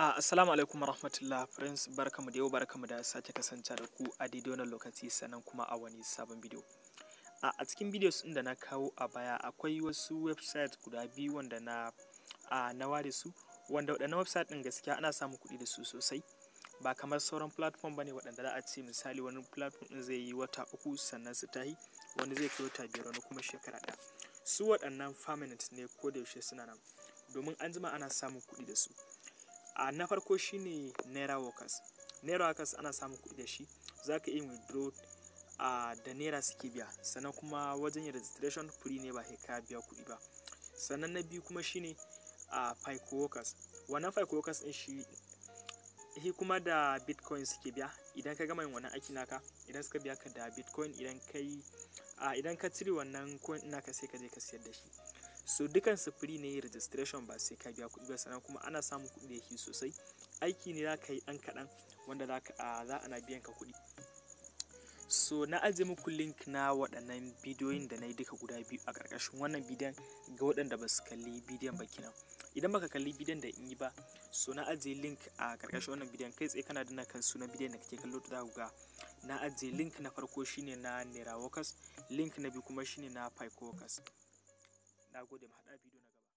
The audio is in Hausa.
Ah, assalamu alaikum rahmatullah prince barkamu da yau barkamu da sake kasance da ku a daidai wannan lokaci sannan kuma a wani sabon bidiyo A ah, a cikin videos din da na kawo a baya akwai wasu website guda biyu wanda na a ah, na ware su wanda waɗannan website ɗin gaskiya ana samun kuɗi da su sosai ba kamar sauran platform bane waɗanda za a ce misali wani platform ɗin zai yi wata uku sannan su tahi wani zai kai wata biyar wani kuma shekara ɗaya su waɗannan permanent ne ko da yaushe suna nan domin an jima ana samun kuɗi da su a na farko shine naira workers naira workers ana samun kuɗi da shi za ka iya withdraw a da naira suke biya sannan kuma wajen yin registration free ne ba ka biya kuɗi ba sannan na biyu kuma shine a fico workers wannan fico workers din shi shi kuma da bitcoin suke biya idan ka gama yin wannan aiki naka idan suka biya ka da bitcoin idan a idan ka cire wannan coin naka sai ka je ka sayar da shi so dukansu free ne registration ba sai ka biya kuɗi ba sannan kuma ana samun kuɗi da yake sosai aiki ne za ka yi ɗan kaɗan wanda za a ah, ana biyan ka kuɗi so na aje muku link na waɗannan bidiyoyin da na yi duka guda biyu a ƙarƙashin wannan bidiyon ga waɗanda ba su kalli bidiyon ba kenan idan baka kalli bidiyon da in yi ba so na aje link a ƙarƙashin wannan bidiyon kai tsaye kana danna kan sunan bidiyon da kake kallo ta za ku ga na aje link na farko shine na nera workers link na biyu kuma shine na pike workers Na gode mu haɗa bidiyo na gaba.